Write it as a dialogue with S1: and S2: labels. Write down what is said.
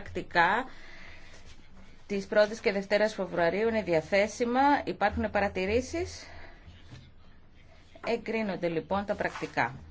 S1: πρακτικά της 1ης και 2ης Φεβρουαρίου είναι διαθέσιμα. Υπάρχουν παρατηρήσεις. Εγκρίνονται λοιπόν τα πρακτικά.